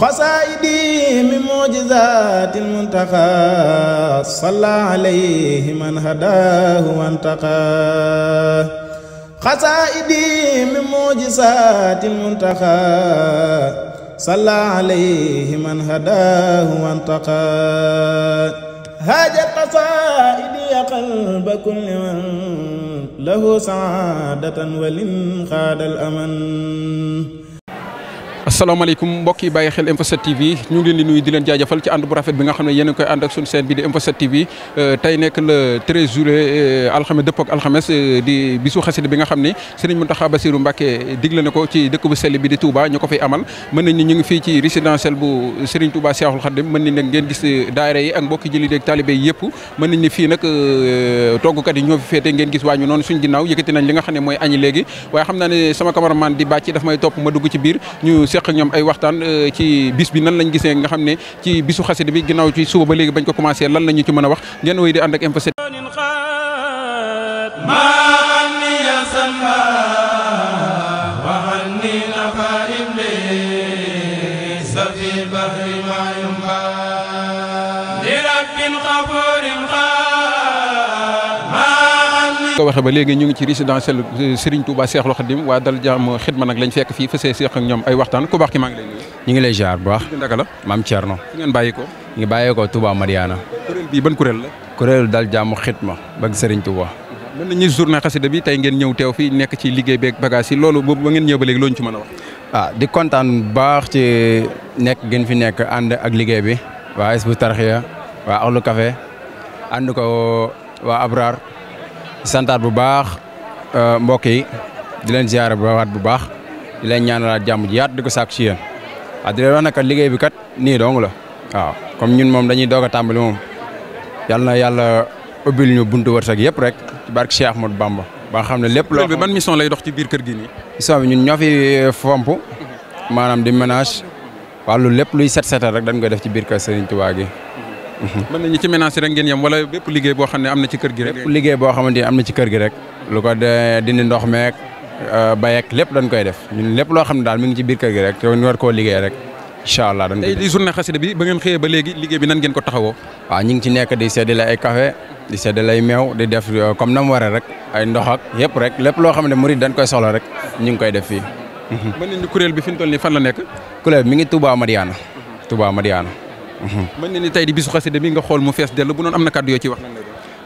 xasaayidi min mujizaati almuntaqa salla alayhi man hadaahu wantaqa xasaayidi min mujizaati almuntaqa salla alayhi man hadaahu wantaqa haajat xasaayidi qalba kulli man lahu saadatan walin xaadal aman asalaamaaleykum mbokk yi bàyyi xel Info 7 TV ñu ngi leen di nuyu di leen jaajëfal ci ànd bu rafet bi nga xam ne yéen koy ànd ak seen bi di Info 7 TV euh, tey nekk le 13 juillet euh, alxames dëpp ak euh, bi nga xam ne Serigne Mountakha Bassirou Mbacké digle na ko ci dëkk bu sell bi di Touba ñu ko fiy amal mën nañ ni ñu ngi fii ci résidentiel bu Serigne Touba Cheikhoul Khadim mën nañ ne ngeen gis daayira yi ak mbokki jëli ak taalibé yi yëpp mën ni fii nag toggkat yi ñoo fi féete ngeen gis waañu noonu suñ ginnaaw yëkkati nañ li nga xam ne mooy añi léegi waaye xam seq ñoom ay waxtaan euh, ci bis bi nan lañ gisee nga xam ne ci bisu xasida bi ginnaaw ci suba ba léegi bañ ko commencé lan la ñu ci mën a wax ngeen wéy di ànd ak info waxee ba léegi ñu ngi ci résidentiel euh, Serigne Touba Cheikhoul Khadim waa dal jaam xidma nag lañ fekk fii fa see seq ak ñoom ay waxtaan ku baax ki maa ngi lay nuyu. ñu ngi lay la maam Thierno. fu ngeen bàyyi ko. ñu ngi bàyyi la. kuréelu dal jaam xidma bëgg tey ngeen ñëw teew fii nekk ci liggéey beeg bagage yi loolu boobu ba ngeen ñëw wax. Ah, di kontaan baax ci nekk gën fi nekk ànd ak liggéey bi waa Hizbut Tarqiyyah waa Ahlu Café ànd ko waa Abrar santaat bu baax euh, mbokk yi di leen ziare bu waat bu baax di leen ñaanalaat jàmm ji yaat di ko sàkk ci yéen ah wax nag liggéey bi kat nii dong la waaw comme ñun moom dañuy doog a tàmbali moom yal na yàlla ubbil ñu buntu wërsëg yëpp rek ci barke Cheikh Ahmadou Bamba ba xam ne lépp loo bi ban mission lay dox ci biir kër gi nii. mission bi ñun ñoo euh, fomp maanaam di ménage wàllu lépp luy set setal rek dañ nga def ci biir kër Serigne Touba gi. mën nañu ci ménage rek ngeen yem wala bépp liggéey boo xam ne am na ci kër gi rek. bépp liggéey boo xamante ni am na ci gi rek. lu ndox meek euh, ba ak lépp dañ koy def ñun lépp loo xam ne daal mi ngi ci biir kër gi rek te koo liggéey rek incha allah dañ koy bi ba ngeen xëyee ba léegi liggéey bi ko taxawoo. waaw ñu ngi ci nekk di seddale ay café di seddale ay meew di def euh, comme na mu waree rek ay ndox ak yëpp rek lépp loo xam ne murid dañ koy soxla rek ñu ngi koy def fii. mën nañu kuréel bi fi ñu toll nii fan la nekk. kuréel mi ngi Touba Madiana mhm. Touba Madiana mën na ni tey di bisu xasida bi nga xool mu fees dell bu noonu am na kàddu yoo ci wax.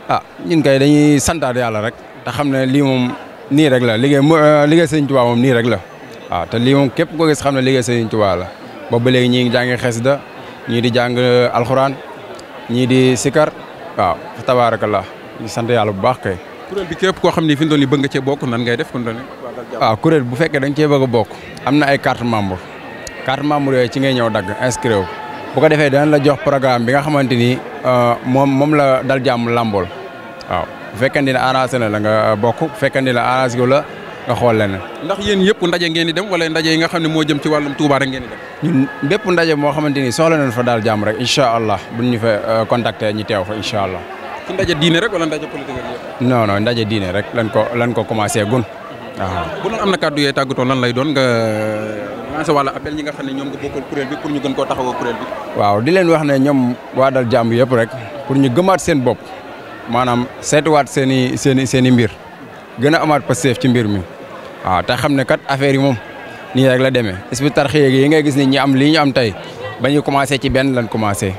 ah ñun kay dañuy santaat yàlla rek te xam ne lii moom nii rek la liggéey euh, liggéey sëñ Tuubaa moom nii rek la waaw ah, te lii képp koo gis xam ne liggéey sëñ Tuubaa la boobu ba léegi ñii ngi jàngi da ñii di jàng alxuraan ñii di sikar waaw fa tabaarakallah ñu sant yàlla bu baax kay. kuréel bi képp koo xam ne fi mu toll nii bëgg nga cee bokk nan ngay def kon doon waaw kuréel bu fekkee da nga cee bëgg a bokk am na ay carte membre carte membre ci ngay ñëw dagg inscrire boo ko defee danañ la jox programme bi nga xamante ni euh, moom moom la dal jàmm làmbool waaw bu fekkente ne arrangé na la nga bokk bu fekkente ne arrangé la nga xool leneen. ndax yéen yëpp ndaje ngeen di dem wala ndaje yi nga xam ne moo jëm ci wàllum Touba rek ngeen di moo xamante ni soxla nañ fa daal jàmm rek incha allah buñ ñu fa euh, contacter ñu teew fa incha allah. ci ndaje diine rek wala ndaje politique rek. non non ndaje diine rek lan ko lan ko commencé gun. waaw bu doon am na kàddu yooyu tàggatoo lan lay doon nga. lancé wàlla appel ñi nga xam ne ñoom nga bokkal kuréel bi pour ñu gën koo taxawoo waaw di leen wax ne ñoom waa dal jàmm yëpp rek pour ñu gëmaat seen bopp maanaam seetuwaat seen i seen seen mbir gën a amaat pasteef ci mbir mi waaw te xam ne kat affaire yi moom nii rek la demee Hizbut Tarqiyyah yi ngay gis ni ñi am lii ñu am tey ba ñu commencé ci benn lan commencé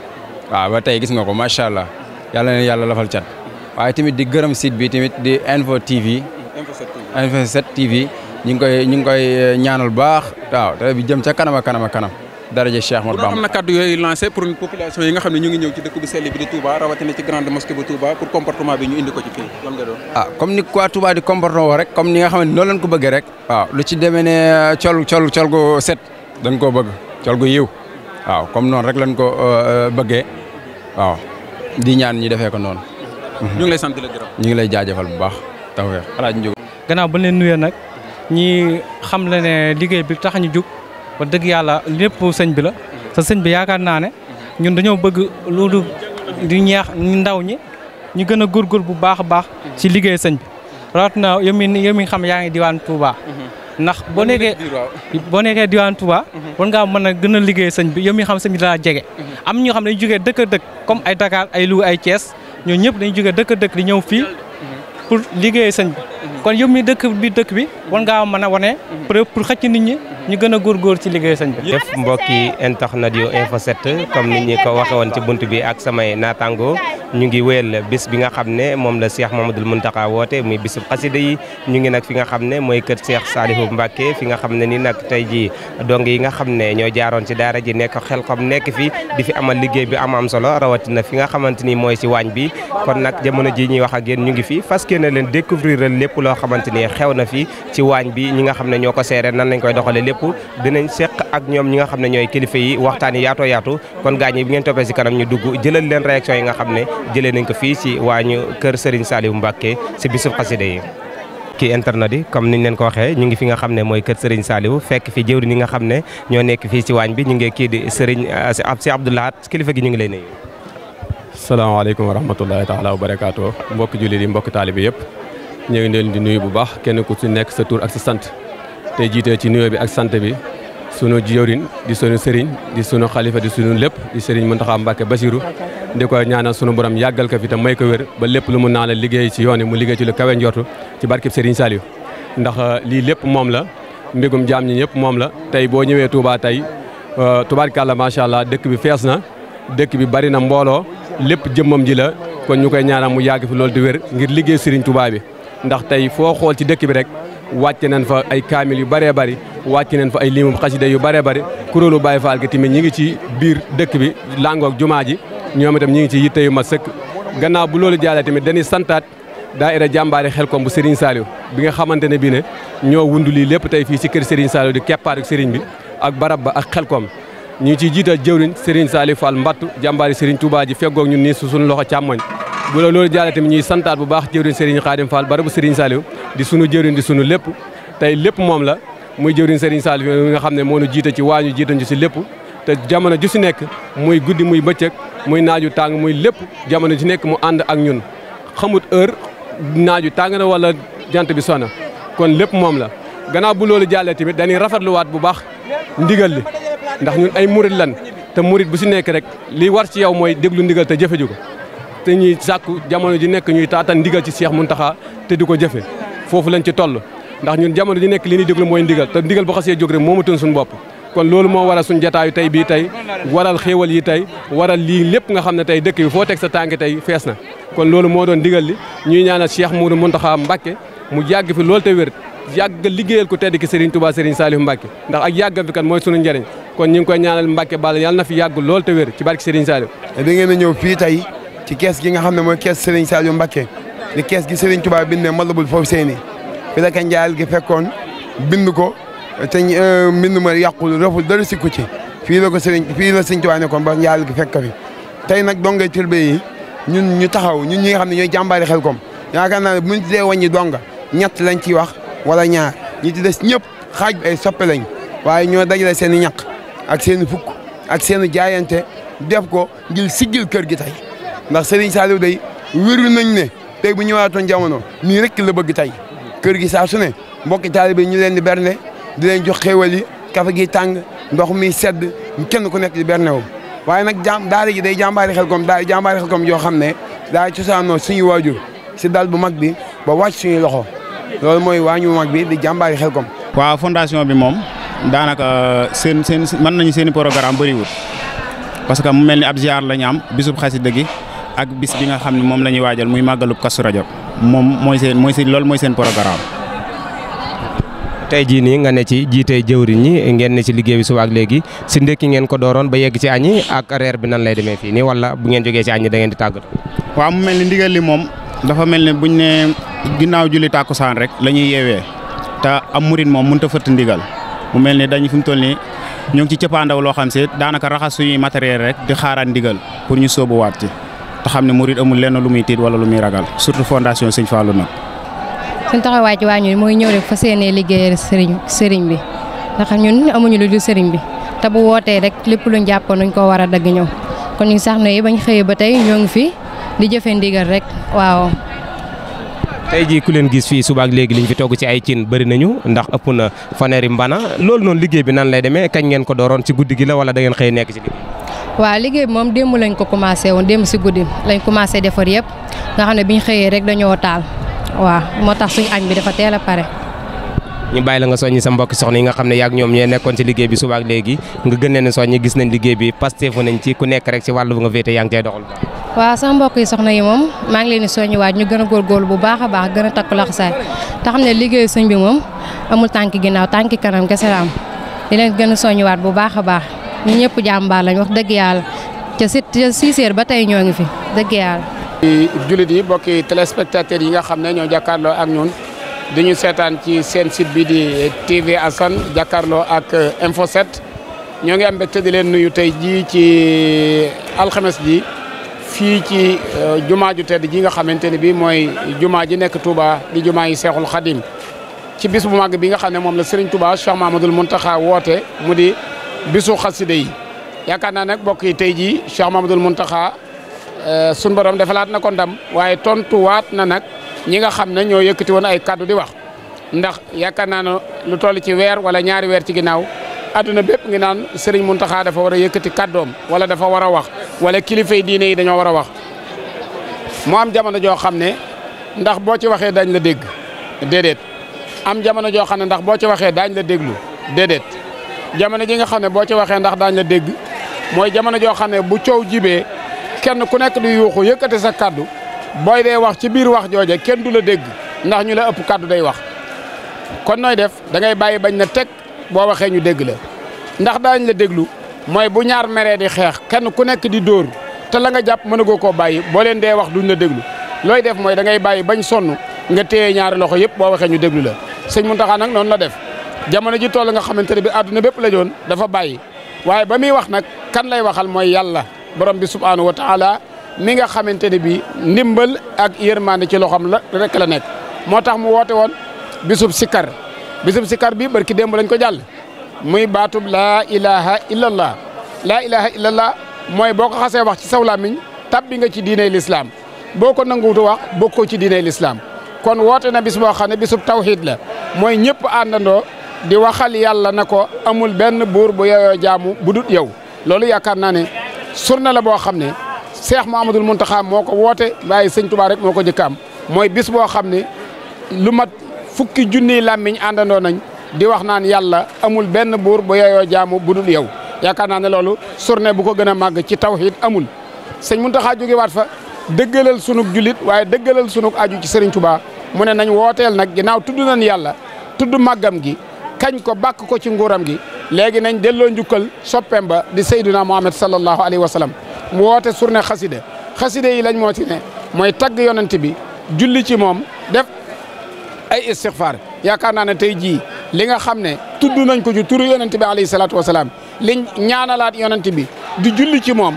waaw ba tey gis nga ko macha allah yàlla na yàlla lafal cat waaye tamit di gërëm site bi tamit di Info TV. Info 7 TV. ñu ngi koy ñu ngi koy eh, ñaanal baax waaw télé bi jëm ca kanam a kanam a kanam daraja Cheikh Ahmadou Bamba am na kaddu yooyu lancé pour une population yi nga xam ne ñu ngi ñëw ci dëkk bu sell bi di Touba rawatina ci grande mosquée bu Touba pour comportement bi ñu indi ko ci fii lan nga doon ah comme di comportement woo rek comme ni nga xam ne noonu lañ ko bëggee rek waaw eh, dañ koo bëgg col gu yiw waaw comme noonu rek lañ ko eh, bëggee waaw di ñaan ñi defee ko noon ñu ngi lay sant di ñu ngi lay jaajëfal bu baax taw weex alaaji Njóob ñi xam la ne liggéey bi tax ñu jug ba dëgg yàlla lépp sëñ bi la sa sëñ bi yaakaar naa ne ñun dañoo bëgg loolu di ñeex ndaw ñi ñu gën a góorgóor bu baax a baax ci liggéey sëñ bi rawat na yow mi yow mi xam yaa ngi diwaan Touba ndax boo nekkee boo nekkee diwaan Touba war ngaa mën a gën a liggéey sëñ bi yow mi xam sëñ bi daa jege am ñoo xam ne dañu jógee dëkk dëkk comme ay Dakar ay Louga ay Thiès ñoo ñëpp dañu jógee dëkk a dëkk di ñëw fii pour liggéey sëñ bi kon yow mi dëkk bi dëkk bi war ngaa mën a wane preuve pour xëcc nit ñi ñu gën a góor ci liggéey sëñ bi def mbokki internet yu info 7 comme ni ñi ko waxe woon bunt bi ak samay naataango ñu ngi wéyal bis bi nga xam ne moom la Cheikh Mamadou Mountakha woote muy bisub xasida yi ñu ngi nag fi nga xam ne mooy kër Cheikh Salihou Mbacké fi nga xam ne ni nag tey ji dong yi nga xam ne ñoo jaaroon ci daara ji nekk xel xam nekk fi di fi amal liggéey bi am am solo rawatina fi nga xamante ni mooy ci bi kon nag jamono ji ñuy wax ak yéen ñu ngi fi lépp loo xamante ni xew na fi ci waañ bi ñi nga xam ne ñoo ko seere nan lañ koy doxale lépp dinañ seq ak ñoom ñi nga xam ne ñooy kilifa yi waxtaan yi yaatoo yaatu kon gaañ yi bi ngeen toppee si kanam ñu dugg jëlal leen réaction yi nga xam ne jëlee nañ ko fii ci waañu kër Serigne Saliou Mbacké si bisub xasida yi kii internet yi comme niñ leen ko waxee ñu ngi fi nga xam ne mooy kër Serigne Saliou fekk fi jëwriñ yi nga xam ne ñoo nekk fii ci waañ bi ñu ngi kii di Serigne si euh, Abdoulahat kilifa gi ñu ngi lay ne salaamaaleykum wa rahmatullahi taala wa barakaatu mbokki jullit yi mbokki taalibi yëpp ñu ngi leen di nuyu bu baax kenn ku ci nekk sa tur ak si sant tey jiitee ci nuyoo bi ak sant bi sunu jëwriñ di sunu sëriñ di suñu xalifa di sunu lépp di sëriñ Mountakha Mbacké Bassirou di ko ñaana suñu borom yàggal ko fi tam may ko wér ba lépp lu mu naa la liggéey ci yoon yi mu liggéey ci lu kawe njortu ci barkeb sëriñ Saliou ndax euh, lii lépp moom la mbégum jaam ñi ñëpp moom la tey boo ñëwee Touba tey euh, tubaarkàlla macha allah dëkk bi fees na dëkk bi bari na mbooloo lépp jëmmam ji la kon ñu koy ñaanal mu yàgg fi loolu di wér ngir liggéey sëriñ Touba bi ndax tey foo xool ci dëkk bi rek wàcce nañ fa ay kaamil yu bëree bëri wàcce nañ fa ay limu xasida yu bëree bëri kuréelu Baye Fall gi tamit ñi ngi ci biir dëkk bi langoog jumaa ji ñoom itam ñi ngi ci yitte yu ma sëkk gannaaw bu loolu jàllee tamit dañuy santaat daayira jàmbaari Xelkom bu Serigne Saliou bi nga xamante ne bii ne ñoo wundu lii lépp tey fii ci kër Serigne Saliou di keppaaru Serigne bi ak barab ba ak Xelkom ñu ngi ciy jiital jëwriñ Serigne Saliou Fall jàmbaari Serigne Touba ji feggoog ñun nii su suñu loxo càmmoñ bu loolu jàllee tamit ñuy santaat bu baax jëwriñ Serigne Khadim Fall barabu Serigne Saliou di sunu jëwriñ di sunu lépp tey lépp moom la muy jëwriñ Serigne Saliou nga xam ne moo nu jiite ci waañu jiite ñu si lépp te jamono ju si nekk muy guddi muy bëccëg muy naaju tàng muy lépp jamono ji nekk mu ànd ak ñun xamut heure naaju tàng na wala jant bi sona kon lépp moom la gannaaw bu loolu jàllee tamit dañuy rafetluwaat bu baax ndigal li ndax ñun ay murit lan te murit bu si nekk rek li war ci yow mooy déglu ndigal te jëfe ko te ñuy sàkku jamono ji nekk ñuy taatan ndigal ci Cheikh Mountakha te di ko jëfe foofu lañ ci toll ndax ñun jamono ji nekk li ñuy déglu mooy ndigal te ndigal bu xasee jóg rek moomatuñ suñu bopp kon loolu moo waral suñu jataayu tey bii tey waral xéewal yi tey waral lii lépp nga xam ne tey dëkk bi foo teg sa tànk tey fees na kon loolu moo doon ndigal li ñuy ñaanal Cheikh Mourou Mountakha Mbacké mu yàgg fi loolu te wér yàgg liggéeyal ku tedd ki Serigne Touba Serigne Saliou Mbacké ndax ak yàggam fi kan mooy suñu njëriñ kon ñu ngi koy ñaanal Mbacké Balla yàlla na fi yàgg loolu te wér ci barke Serigne Saliou a ñëw ci kees gi nga xam ne mooy kees Serigne Saliou Mbacké di kees gi Serigne Touba bindee Matlabul Fawzayni fi la ka njaal gi fekkoon bind ko te euh, mbind ma yàqul raful dara sikku ci fii ko Serigne fii la Serigne Touba nekkoon ba njaal gi fekk fi tey nag dongay turbe yi ñun ñu taxaw ñun ñi nga xam ne ñooy jàmbaari Xelkom yaakaar naa ne bu ñu tuddee wàññi donga ñett lañ ciy wax wala ñaar ñi ci des ñëpp xaaj bi ay soppe lañ waaye ñoo dajale seen i ñaq ak seen i fukk ak seeni i jaayante ko ngir siggil kër gi tey ndax Serigne Saliou day wéru nañ ne te bu ñëwaatoon jamono nii rek la bëgg tey kër gi saa ne mbokk mbokki taalibe ñu leen di berne di leen jox xéewal yi kafe gi tàng ndox mi sedd kenn ku nekk di berne waaye nag jàmm daara ji day jàmbaari Xelcom daara jàmbaari kom joo xam ne daa cosaanoo suñu waajur si dal bu mag bi ba wàcc suñu loxo loolu mooy waañu mag bi di xel Xelcom. waa fondation bi moom daanaka euh, seen seen mën nañu seen i programme bëriwul parce que mu mel ni ab ziar la ñu am bisub xasida gi ak bis xam ne moom la ñuy waajal muy màggalub Kazu Rajab moom mooy seen mooy seen loolu mooy seen tey jii nii nga ne ci jiite jëwriñ ñi ngeen ne ci liggéey bi suba ak léegi si ndekki ngeen ko dooroon ba yegg ci añi ak reer bi nan lay demee fii nii wala bu ngeen jógee ci añi da ngeen di tàggat. waaw mu mel ni ndigal li moom dafa mel ne buñ ne ginnaaw julli tàkkusaan rek la ñuy yeewee te am murit moom mënut a fëtt ndigal mu mel ni dañ fi mu toll nii ñu ci cëppaandaw loo xam si daanaka raxas suñuy matériel rek di xaaraan ndigal pour ñu sóobuwaat ci. te xam ne murid amul lenn lu muy tiit wala lu muy ragal surtout fondation Sëñ Fallou nag. suñ taxawaay ci waa ñun mooy ñëw rek fa seenee liggéeyal sëriñ sëriñ bi ndax ñun amuñu lu dul sëriñ bi te bu wootee rek lépp luñ jàppoon nuñ ko war a dagg ñëw kon ñu sax ne bañ xëyee ba tey ñoo ngi fi di jëfe ndigal rek waaw. tey jii ku leen gis fii suba ak léegi liñ fi togg ci ay cin bëri nañu ndax ëpp na faneeri mbana loolu noonu liggéey bi nan lay demee kañ ngeen ko dooroon ci guddi gi la wala da ngeen xëy nekk ci liggéey waaw liggéey bi moom démb lañ ko commencé woon démb si guddi lañ commencé defar yëpp nga xam ne biñ xëyee rek dañoo taal waaw moo tax suñu añ bi dafa teel a pare. ñu bàyyi la nga soññi sa mbokki soxna yi nga xam ne yaag ñoom ñee nekkoon ci liggéey bi suba ak léegi nga gën leen bi pasteefu nañ ci ku nekk rek ci wàllu nga féete yaa ngi cay yi soxna yi moom maa ngi leen di soññiwaat ñu gën a góorgóorlu bu baax a baax gën a takku laxasaay te xam ne liggéeyu sëñ bi moom amul tànki ginnaaw tànki kanam kese la am di leen gën a soññiwaat bu baax a baax ñu ñëpp jàmbaar lañ wax dëgg yàlla ca si ba tey ñoo ngi fi dëgg yàlla. jullit yi bokki téléspectateurs yi nga xam ne ñoo jàkkaarloo ak ñun di ñu seetaan ci seen site bi di TV Assane jàkkaarloo ak euh, Info 7 ñoo ngi am mbégte di leen nuyu tey jii ci euh, alxames ji fii ci euh, jumaa ju tedd ji nga xamante ne bii mooy jumaa ji nekk Touba di jumaa yi Seexul Xadim ci bis bu bi nga xam ne moom la Serigne Touba Cheikh Mahamadoul Mountakha woote mu di. bisu xasida yi yaakaar naa nag mbokk yi tey jii Cheikh Mamadou Mountakha eh, sunu borom defalaat na ko ndam waaye waat na nag ñi nga xam ne ñoo yëkkati woon ay kaddu di wax ndax yaakaar naa ne lu toll ci weer wala ñaari weer ci ginnaaw adduna bépp ngi naan Serigne Mountakha dafa war a yëkkati kaddoom wala dafa war a wax wala kilifa yi diine yi dañoo war a wax mu am jamono joo xam ne ndax boo ci waxee dañ la dégg déedéet am jamono joo xam ne ndax boo ci waxee daañ la déglu déedéet. jamono ji nga xam ne boo ci waxee ndax daañ la dégg mooy jamono joo xam ne bu coow jibee kenn ku nekk di yuuxu yëkkati sa kàddu booy dee wax ci biir wax jooje kenn du la dégg ndax ñu la ëpp kàddu day wax kon nooy def da ngay bàyyi bañ na teg boo waxee ñu dégg la ndax daañ la déglu mooy bu ñaar meree di xeex kenn ku nekk di dóor te la nga jàpp mënagoo koo bàyyi boo leen dee wax duñ la déglu looy def mooy da ngay bàyyi bañ sonn nga téye ñaari loxo yëpp boo waxee ñu déglu la sëñ Muntaxa nag noonu la def jamono ji toll nga xamante ne bi àdduna bépp la joon dafa bàyyi waaye ba muy wax nag kan lay waxal mooy yàlla borom bi subhaanahu wa taala mi nga xamante ne bi ndimbal ak yërmande ci loxoom la rek la nekk moo tax mu woote woon bisub sikkar bisub sikkar bi barki démb lañ ko jàll muy baatub laa ilaha illallah laa ilaha illallah mooy boo ko xasee wax ci saw làmmiñ tabbi nga ci diiney lislaam boo ko nanguwutu wax bokkoo ci diiney lislaam kon woote na bis boo xam ne bisub tawhid la mooy di waxal yàlla na ko amul benn buur bu yeyoo jaamu bu dut yow loolu yaakaar naa ne surna la boo xam ne seex Muhammadul Muntaxa moo ko woote waaye sëñ Tuubaa rek moo ko jëkk mooy bis boo xam ne lu mat fukki junniy làmmiñ àndandoo nañ di wax naan yàlla amul benn buur bu yeyoo jaamu bu dul yow yaakaar naa ne loolu surne bu ko gën a màgg ci taw tawhid amul sëñ Muntaxa jóge waat fa dëggalal sunug julit waaye dëggalal sunug aju ci sëriñ Tuubaa mu ne nañ wooteel nag ginnaaw tudd nañ yàlla tudd màggam gi kañ ko bàkk ko ci nguuram gi léegi nañ delloo njukkal soppeem ba di sayduna muhammad sallallahu alayhi wa sallam mu woote surne xasida xasida yi lañ moo ci ne mooy tagg yonent bi julli ci moom def ay istixfaar yaakaar naa ne tey jii li nga xam ne tudd nañ ko ci turu yonent bi alayhi salaatu li salaam ñaanalaat yonent bi di julli ci moom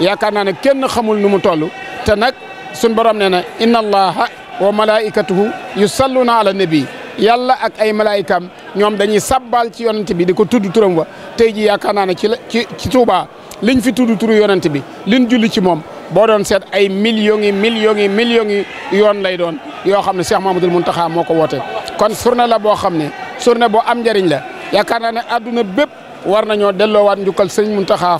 yaakaar naa ne kenn xamul nu mu toll te nag sun borom ne na inna allaha wa malaikatuhu yusalluna ala nabi yàlla ak ay malaayikaam ñoom dañuy sabbal ci yonent bi di ko tudd turam wa tey ji yaakaar ci la ci ci Touba liñ fi tudd turu yonent bi liñ julli ci moom boo doon seet ay millions yi millions yi yoon lay doon yoo xam ne Cheikh Mamadou Mountakha moo ko woote. kon journée la boo xam ne journée boo am njariñ la yaakaar naa ne àdduna bépp war nañoo delloowaat njukkal sëñ Mountakha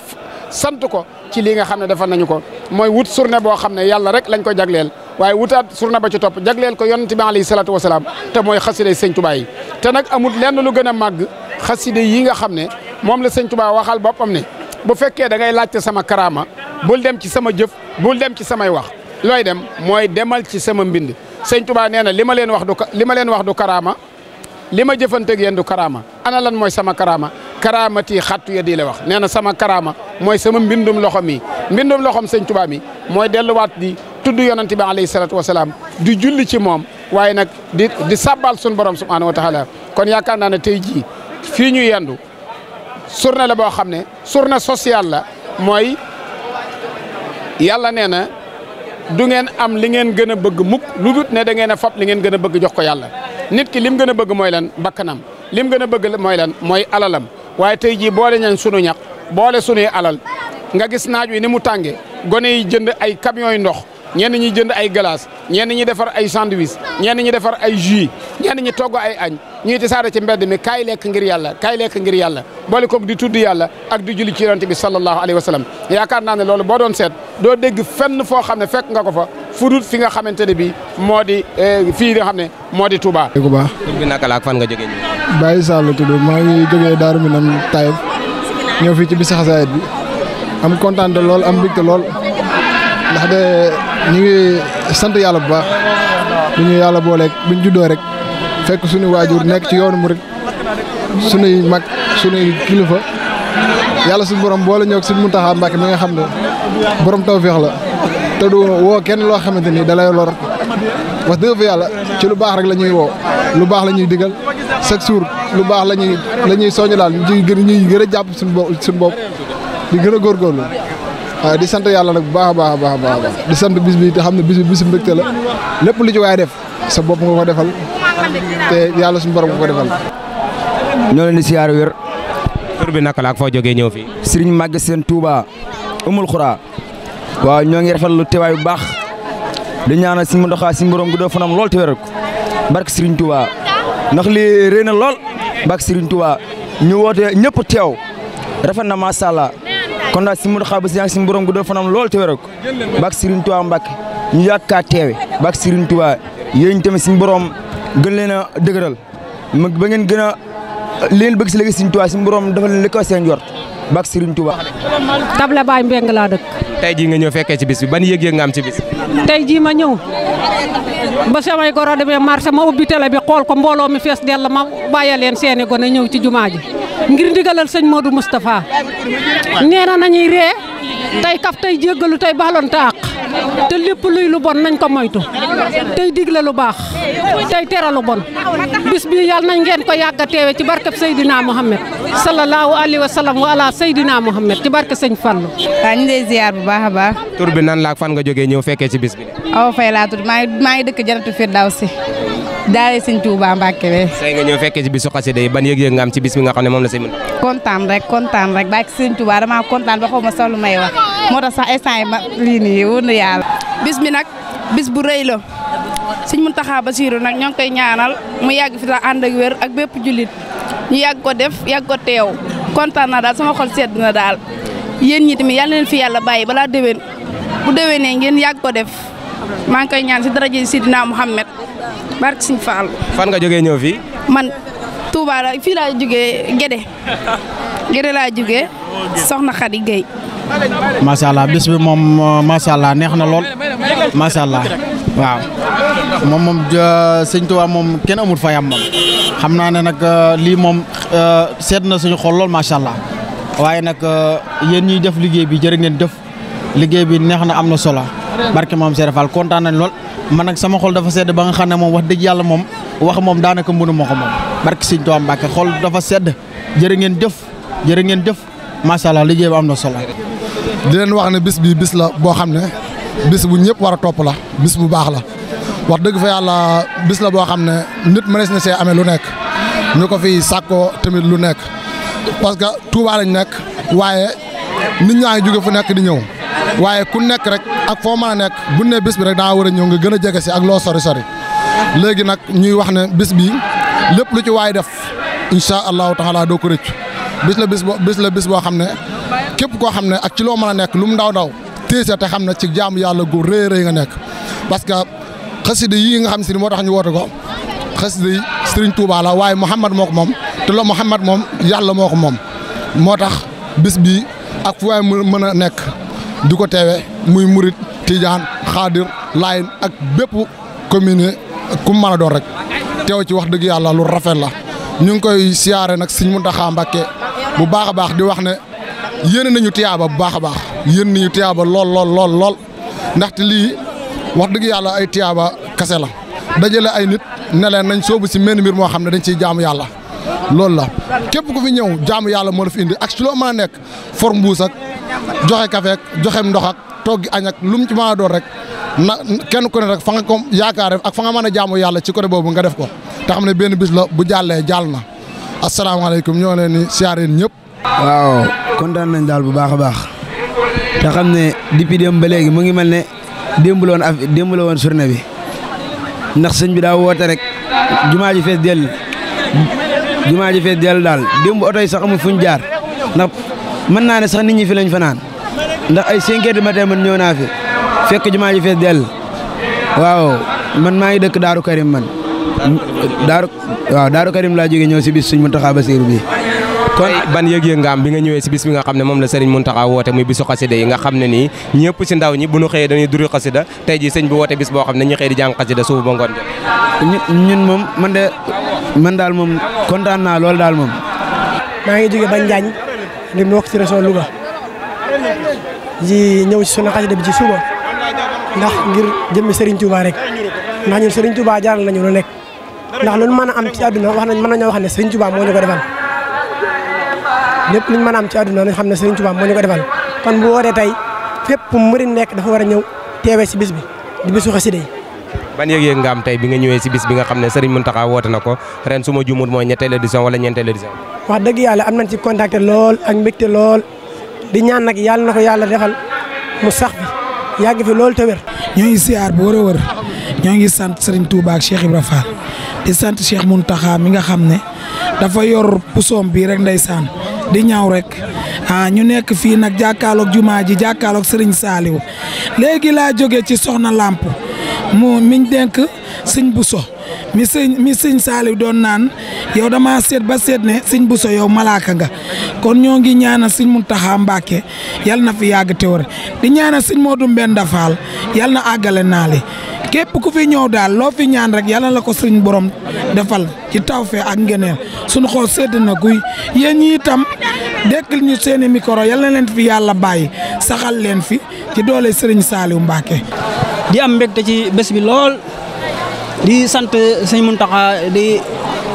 sant ko ci lii nga xam ne defal nañu ko mooy wut surne boo xam ne yàlla rek lañ ko jagleel. waaye wutaat surna ba ci topp jagleel ko yonent bi alayhi salaatu wasalaam te mooy xasiday sëñ Tuubaa yi te nag amul lenn lu gën a màgg xaside yi nga xam ne moom la sëñ Tuubaa waxal boppam ne bu fekkee dangay ngay laajte sama karaama bul dem ci sama jëf bul dem ci samay wax looy dem mooy demal ci sama mbind sëñ Tuubaa nee na li ma leen wax du li ma leen wax du karaama li ma jëfanteeg yéen du karaama ana lan mooy sama karaama karaamati xattu ya di la wax nee na sama karaama mooy sama mbindum loxo mi mbindum loxom sëñ Tuubaa mooy delluwaat di tudd yonante bi alayhi salaatu wasalaam di julli ci moom waaye nag di di sàbbaal sun borom subhaanahu wa taala kon yaakaar naa ne tey jii fii ñu yendu journée la boo xam ne journée sociale la mooy yàlla nee na du ngeen am li ngeen gën a bëgg mukk lu dut ne da ngeen a fab li ngeen gën a bëgg jox ko yàlla nit ki lim gën a bëgg mooy lan bakkanam lim gën a bëgg mooy lan mooy alalam waaye tey jii boole nañ sunu ñaq boole sunuy alal nga gis naaj wi ni mu tànge gone yi jënd ay camions ndox ñenn ñi jënd ay glace ñenn ñi defar ay sandwich ñeen ñi defar ay jus ñenn ñi togg ay añ ñuy tasaare ci mbedd mi kaay lekk ngir yàlla kaay ngir yàlla boole koog di tudd yàlla ak di julli ci yonent bi sallallahu alayhi wa sallam yaakaar naa ne loolu boo doon seet doo dégg fenn foo xam ne fekk nga ko fa fudut fi nga xamante ne bii moo di eh, fii nga xam ne moo di Touba. bu baax tur bi naka la fan nga jógee ñëw. Baye Sall tudd maa ngi jógee Darou Minam Taïf ñëw fii ci bisi xasaayit bi am kontaan lool am mbégte lool ñu sant yàlla bu baax bu ñu yàlla booleeg bu ñu juddoo rek fekk suñu waajur nekk ci yoonu rek suñuy mag suñuy kilifa yàlla suñu borom boole ñëw ak suñu Muntaxa Mbàkke mi nga xam ne borom tawféex la te du woo kenn loo xamante ni dalay lor wax dëgg fa yàlla ci lu baax rek la ñuy woo lu baax la ñuy digal chaque jour lu baax la ñuy la ñuy soññ daal ñu gën ñuy gën a jàpp suñ bopp suñu bopp di gën a góorgóorlu waaw di sant yàlla nag bu baax a baax a baax di sant bis bi te xam ne bis bi bisu mbégte la lépp lu ci waay def sa bopp nga ko defal te yàlla suñu borom nga ko defal. ñoo leen di siyaar wér. tur bi naka la ak foo jógee ñëw fii. Serigne Maguette Sène Touba Oumoul Khoura. waaw ñoo ngi rafetlu teewaay bu baax di ñaanal si Mountakha si borom gu doo fanam lool te wér ko barke Serigne Touba ndax lii réy na lool barke Serigne Touba ñu woote ñëpp teew rafet na macha allah kon daal si Modou Xaaba si ak si borom gu doo fanam lool te wér ko bak Serigne Touba Mbacke ñu yàkkaa teewe bak Serigne Touba yéen tamit si borom gën leen a dëgëral ma ba ngeen gën a leen bëgg si léegi Serigne Touba si borom dafa leen li ko seen yor bak Serigne Touba table baay mbeng laa dëkk tey jii nga ñëw fekkee ci bis bi ban yëg-yëg nga am ci bis tey jii ma ñëw ba samay goro demee marché ma ubbi télé bi xool ko mbooloo mi fees dell ma bàyyi leen seeni gone ñëw ci jumaa ji ngir ndigalal sëñ Modou Moustapha nee na nañuy ree tey kaf tey jéggalu tey baalonte àq te lépp luy lu bon nañ ko moytu tey digle lu baax tey tere lu bon bis bi yàlla nañ ngeen ko yàgg a teewe ci barkeb Seydina Mohamed sallallahu alayhi wa sallam wa ala Seydina Mohamed ci barke sëñ Fallou. waaw ñu ngi lay ziar baax a baax. tur bi nan la fan nga jógee ñëw fekkee ci bis bi. aw fay laa tur maa ngi maa ngi dëkk Janatu daale sëñ Touba Mbacke be tey nga ñëw fekkee ci bisu xasida yi ban yëg-yëg nga am bis bi nga xam ne moom la sëñ kontaan rek kontaan rek bàyyi sëñ Touba kontaan ba xaw ma sax lu may wax moo tax sax instant yi ma lii na yàlla bis bi nag bis bu rëy la sëñ Mountakha Bassirou nag ñoo ngi koy ñaanal mu yàgg fi ta ànd ak wér ak bépp jullit ñu yàgg ko def yàgg ko teew kontaan na daal sama xol sedd na daal yéen ñi tamit yàlla leen fi yàlla bàyyi balaa déwén bu déwénee ngeen yàgg ko def maa ngi koy ñaan si daraje Sidina Muhammad barke si Fall. fan nga jógee ñëw fii. man Touba la fii laa jógee Gédé laa jógee Soxna Khady Gueye. macha allah bés bi moom macha allah neex na lool macha allah waaw moom moom sëñ Touba moom kenn amul fayam moom xam naa ne nag euh, lii moom euh, seet na suñu xol lool macha allah waaye nag euh, yéen ñiy def liggéey bi jërë ngeen def liggéey bi neex na am na solo barke moom Serigne Fall kontaan nañ lool. man nag sama xol dafa sedd ba nga xam ne moom wax dëgg yàlla moom wax moom daanaka mënu moo ko moom barki Sëñ Tuubaa Mbàkke xol dafa sedd jërë ngeen jëf jërë ngeen jëf macha liggéey ba am na solo. di leen wax ne bis bii bis la boo xam ne bis bu ñëpp war a topp la bis bu baax la wax dëgg fa yàlla bis la boo xam ne nit mënees na see amee lu nekk ñu ko fi sàkkoo tamit lu nekk parce que Tuubaa lañ nekk waaye nit ñaa ngi jóge fu nekk di ñëw. waaye ku nekk rek ak foo mën a nekk bu ne bis bi rek daa war a ñëw nga gën a jege si ak loo sori sori léegi nag ñuy wax ne bis bi lépp lu ci waay def incha allahu taala doo ko rëcc bis la bis boo bis la bis boo xam ne képp koo xam ne ak ci loo mën a nekk lu mu ndaw ndaw téese te xam ne ci jaamu yàlla gu rëy rëy nga nekk parce que xasida yi nga xam si ne moo tax ñu woote ko xasida yi tuubaala Tuubaa la waaye moo ko moom te loo Muhammad moom yàlla moo ko moom moo tax bis bi ak fu waay mën a nekk di ko teewee muy murit tijaan xaadir laayin ak bépp commune ku mu doon rek teew ci wax dëgg yàlla lu rafet la ñu ngi koy siyaare nag sëñ Muntaxa Mbàkke bu baax a baax di wax ne yéen nañu tiyaaba bu baax a baax yéen nañu tiyaaba lool lool lool lool ndaxte lii wax dëgg yàlla ay tiyaaba kase la dajale ay nit ne leen nañ soobu si menn mbir moo xam ne dañ ciy jaamu yàlla loolu la képp ku fi ñëw jaamu yàlla moo la fi indi ak su loo mën a nekk for mbuus joxe kafe ak joxe ndox ak toggi añ ak lu mu ci mën doon rek na kenn ku ne rek fa nga ko yaakaar ak fa nga mën a jaamu yàlla ci côté boobu nga def ko te xam ne benn bis la bu jàllee jàll na asalaamaaleykum ñoo leen ni siyaareen ñëpp. waaw kontaan nañ daal bu baax a baax te xam ne depuis démb ba léegi mu ngi mel ne démb la woon af démb la woon journée bi ndax sëñ bi daa woote rek jumaa ji fees dell jumaa ji fees dell daal démb oto yi sax amu fuñ jaar ndax. mën naa ne sax nit ñi fi lañ fanaan ndax ay 5 heures du matin man ñëw naa fi fekk jumaa ji fees dell waaw man maa ngi dëkk Daaru Karim man Daaru waaw Daaru Karim laa jógee ñëw si bis suñ Muntaxa Basiir bi kon ban yëg-yëg nga am bi nga ñëwee si bis bi nga xam ne moom la Serigne Muntaxa woote muy bisu xasida yi nga xam ne nii ñëpp si ndaw ñi bu ñu xëyee dañuy duri xasida tey jii sëñ bi woote bis boo xam ne ñu xëy di jàng xasida suuf ba ngoon ñun moom man de man daal moom kontaan naa lool daal moom ngir mu bokk ci région Louga ji ñëw ci sunu xasida bi ci suba ndax ngir jëmmi sëriñ Touba rek ndax ñun Serigne Touba jaaral nañu lu nekk ndax lu ñu mën a am ci àdduna wax nañ mën nañoo wax ne Serigne Touba moo ñu ko defal lépp lu ñu mën a am ci àdduna nañ xam ne Serigne Touba moo ñu ko defal kon bu wootee tey fépp murid nekk dafa war a ñëw teewee si bis bi di bisu xasida yi ban yëg-yëg nga am bi nga ñëwee si bis bi nga xam ne Serigne Mountakha woote na ko ren su ma juumut mooy ñetteelu édition wala ñeenteelu édition. wax dëgg yàlla am nañ ci contacté lool ak mbégte lool di ñaan nag yàlla na ko yàlla defal mu sax bi yàgg fi lool te wér. ñoo ngi siyaar bu wër a wër ñoo ngi sant Serigne Touba ak Cheikh Ibra di sant Cheikh Mountakha mi nga xam ne dafa yor pusoom bii rek ndeysaan di ñaaw rek ah, ñu nekk fii nag jàkkaarloog jumaa ji jàkkaarloog Serigne Saliou ci soxna Lamp mu miñ denk sëñ Bousso mi sëñ mi sëñ Saaliw doon naan yow dama seet ba seet ne bu so yow malaaka nga kon ñoo ngi ñaanal sëñ Muntaxa Mbàkke yal na fi yàgg te wër di ñaanal sëñ Moodu Mbenda Faal yal na àggale naale li képp ku fi ñëw daal loo fi ñaan rek yàlla la ko sëñ borom defal ci taw tawfee ak ngeneel suñu xool sedd na guy yéen ñi itam dekkal ñu seeni micro yal na leen fi yàlla bàyyi saxal leen fi ci doole sëriñ Saaliw Mbàkke di am mbégte ci bés bi lool di sant sëñ Muntaxa di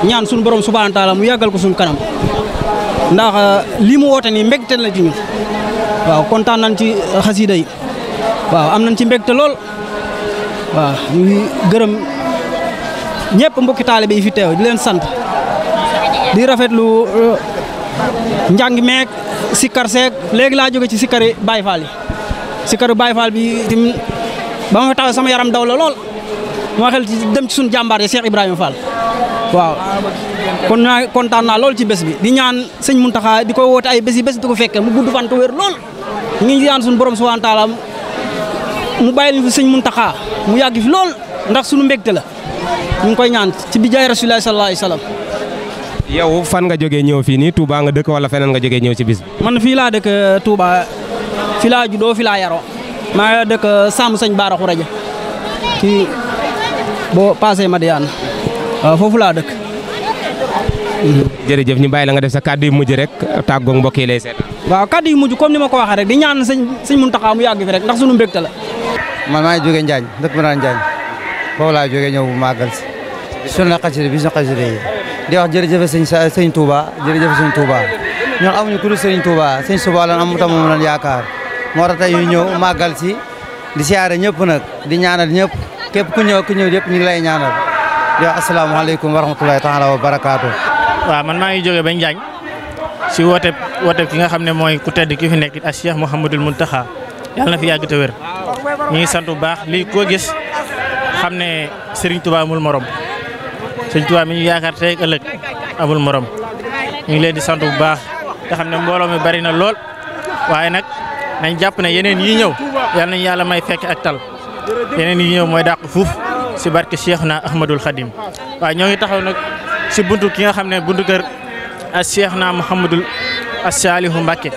ñaan suñu borom subhaana taala mu yàggal ko suñu kanam ndax uh, lii mu woote nii mbégte la ci ñun waaw kontaan nañ ci xasiida yi waaw am nañ ci mbégte lool waaw ñu ngi gërëm ñëpp mbokki taalibe yi fi teew di leen sant di rafetlu uh, njàng meek sikkar seek léegi laa jóge ci sikkari Baay Faal yi Baay Faal bi tim ba ma fa taxaw sama yaram daw la lool moo xel ci dem ci suñu jàmbaar yi Cheikh Ibrahima Fall waaw kon naa kontaan naa lool ci bés bi di ñaan sëñ taxaa di ko woote ay bés yi bés di ko fekke mu gudd fan te wér lool ñu ñaan suñu borom subhaana taala mu bàyyil ñu mu yàgg fi lool ndax suñu mbégte la ñu ngi koy ñaan ci bi jaay Rasulullah sallallahu alayhi wasallam yow fan nga jóge ñëw fii nii Touba nga dëkk wala feneen nga jógee ñëw ci bis bi. man fii laa dëkk Touba fii laa juddoo fii maa ngi dëkk Sàmm Sëñ Baara Khuraja ci boo paasee Madiane waaw foofu laa dëkk. jërëjëf ñu bàyyi la nga def sa kàddu yi mujj rek tàggoog mbokk yi lay seet. waaw kàddu yu mujj comme ni ma ko waxee rek di ñaan sëñ sëñ Muntaxa mu yàgg fi rek ndax sunu mbégte la. man maa ngi jógee Njaañ dëkk bi naan Njaañ foofu laa jógee ñëw bu màggal si. sunu xasida bi sunu xasida yi di wax jërëjëf sëñ sëñ Touba jërëjëf sëñ Touba ñun amuñu ku dul sëñ Touba sëñ Touba lan am yaakaar moo tax tey ñëw màggal si di siyaare ñëpp nag di ñaanal ñëpp képp ku ñëw ku ñëw yëpp ñu ngi lay ñaanal di wax asalaamaaleykum wa rahmatulahi taala barakaatu. waaw man maa ngi jógee ba Njaañ si woote woote ki nga xam ne mooy ku tedd ki fi nekk ak Cheikh Mouhamadul Mountakha yàlla na fi yàgg te wér ñu ngi sant bu baax lii koo gis xam ne Serigne Touba amul morom Serigne Touba mi ñu yaakaar tey ëllëg amul morom ñu ngi leen di sant bu baax te xam ne mbooloo mi bari na lool nag. nañ jàpp na yeneen yi ñëw yal nañu yàlla may fekk ak tal yeneen yi ñëw mooy dàq fuuf si barke Cheikhna Ahmadul Khadim waa ñoo ngi taxaw nag si buntu ki nga xam ne buntu kër ak Cheikhna Mouhamadul Saalihu Mbacke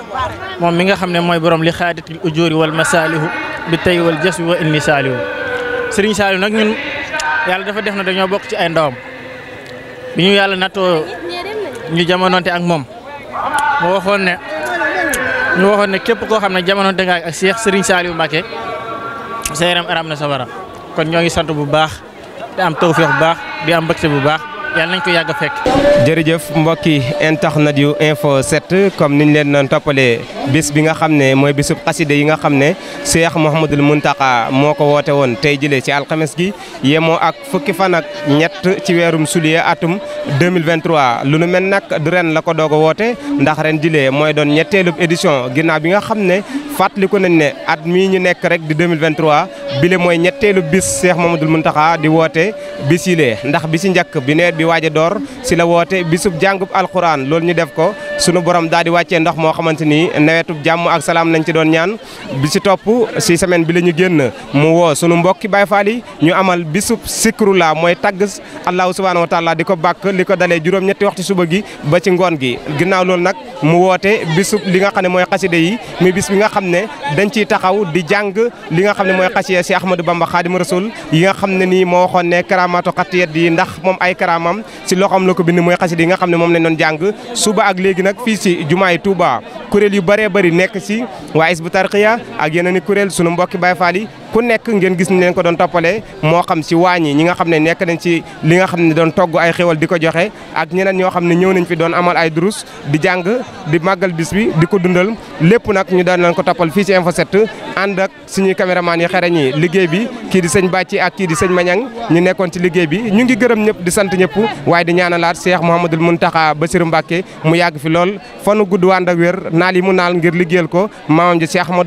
moom mi nga xam ne mooy borom li xaaditil ujuuri wal masaalihu bi tey wal jas wa inni saalihu Serigne Saalihu nag ñun yàlla dafa def na dañoo bokk ci ay ndawam bi ñu yàlla nattoo ñu jamonoonte ak moom moo waxoon ne ñu waxoon ne képp koo xam ne jamono dëngaay ak Cheikh Serigne Saliou Mbacké sa yaram aram na sa kon ñoo ngi sant bu baax di am tawfeex bu baax di am mbëgte bu baax yàlla nañ ko yàgg a fekk. jërëjëf mbokki internet yu info 7 comme niñ leen doon toppalee bis bi nga xam ne mooy bisub xaside yi nga xam ne Cheikh Mouhamadul Mountakha moo ko woote woon tey jëlee ci alxames gi yemoo ak fukki fan ak ñett ci weerum juillet atum 2023 lu nu mel nag du ren la ko doog a woote ndax ren jëlee mooy doon ñetteelu édition ginnaaw bi nga xam ne ko nañ ne at mii ñu nekk rek di 2023 bile mooy ñetteelu bis Cheikh Mouhamadul Mountakha di woote bis yi ndax bi si njëkk di door si la woote bisub jàngub alquran loolu ñu def ko sunu borom daal di wàccee ndox moo xamante ni nawetub jàmm ak salaam lañ ci doon ñaan bi si topp si semaine bi la ñu génn mu woo sunu mbokki Baay Faal yi ñu amal bisub sikru la mooy tagg allahu subhanahu wa taala di ko bàkk li ko dalee juróom-ñetti waxtu suba gi ba ci ngoon gi ginnaaw loolu nag mu woote bisub li nga xam ne mooy xaside yi muy bis bi nga xam ne dañ ciy taxaw di jàng li nga xam ne moo waxoon ne karaamaatu xatiyat yi ndax moom maam si loxoom la ko bind mooy xasida yi nga xam ne moom lañ doon jàng suba ak léegi nag fii si jumaay Touba kuréel yu bëree bëri nekk si waa Hizbut ak yeneen i kuréel sunu mbokki Baye Fall yi ku nekk ngeen gis ni leen ko doon toppalee moo xam si waañi ñi nga xam ne nekk nañ ci li nga xam ne doon togg ay xéwal di ko joxe ak ñeneen ñoo xam ne ñëw nañ fi doon amal ay durus di jàng di màggal bis bi di ko dundal lépp nag ñu daan leen ko toppal fii ci Info 7 ànd bi kii di sëñ Bàcci ak kii di sëñ Mañang waaye di ñaanalaat Cheikh Mouhamadul Mountakha Bassirou Mbacké mu yàgg fi lool fanu gudd ànd ak wér naal yi mu naal ngir liggéeyal ko maamam ji Cheikh mu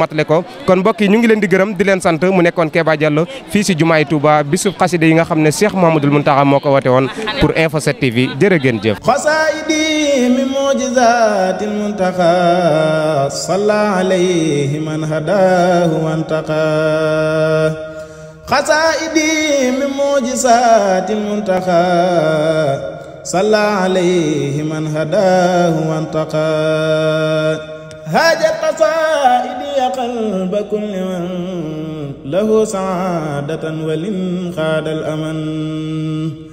matale ko kon mbokk ñu ngi leen di gërëm di leen sant mu nekkoon Keba Diallo fii si jumaay Touba bisub xasida yi nga xam ne Cheikh Mouhamadul Mountakha moo ko woote woon pour Info 7 TV jërë ngeen jëf xasaayidi min mujizatil Mountakha salla alayhi man xasaa'idi min mu'jizaatil muntaxaa salla alayhi man hadaahu wantaqaa haajat qasaa'idi qalba kulli man lahu saadatan walin xaadal aman